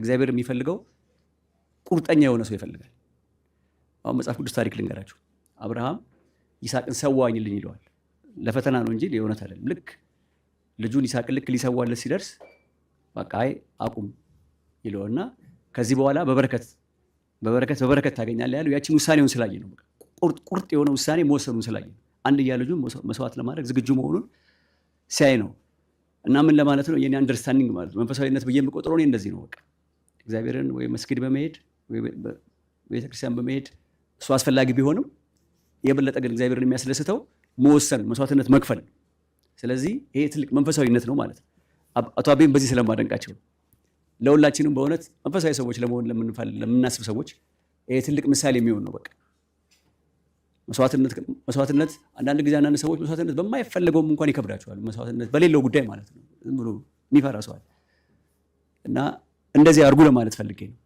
እግዚአብሔር የሚፈልገው ቁርጠኛ የሆነ ሰው ይፈልጋል። አሁን መጽሐፍ ቅዱስ ታሪክ ልንገራችሁ። አብርሃም ይስሐቅን ሰዋኝልኝ ይለዋል። ለፈተና ነው እንጂ የእውነት አይደለም። ልክ ልጁን ይስሐቅን ልክ ሊሰዋለት ሲደርስ በቃ አይ አቁም ይለውና ከዚህ በኋላ በበረከት በበረከት በበረከት ታገኛለህ ያለው ያችን ውሳኔውን ስላየ ነው። ቁርጥ የሆነ ውሳኔ መወሰኑን ስላየ ነው። አንድያ ልጁን መስዋዕት ለማድረግ ዝግጁ መሆኑን ሲያይ ነው። እና ምን ለማለት ነው የኔ አንደርስታንዲንግ ማለት መንፈሳዊነት ብዬ የምቆጥረው እኔ እንደዚህ ነው። በቃ እግዚአብሔርን ወይ መስጊድ በመሄድ ቤተክርስቲያን በመሄድ እሱ አስፈላጊ ቢሆንም የበለጠ ግን እግዚአብሔርን የሚያስደስተው መወሰን፣ መስዋዕትነት መክፈል። ስለዚህ ይሄ ትልቅ መንፈሳዊነት ነው ማለት ነው። አቶ አቤም በዚህ ስለማደንቃቸው ለሁላችንም በእውነት መንፈሳዊ ሰዎች ለመሆን ለምናስብ ሰዎች ይሄ ትልቅ ምሳሌ የሚሆን ነው። በቃ መስዋዕትነት አንዳንድ ጊዜ አንዳንድ ሰዎች መስዋዕትነት በማይፈለገውም እንኳን ይከብዳቸዋል። መስዋዕትነት በሌለው ጉዳይ ማለት ነው። ዝም ብሎ የሚፈራ ሰዋል እና እንደዚህ አድርጉ ለማለት ፈልጌ ነው።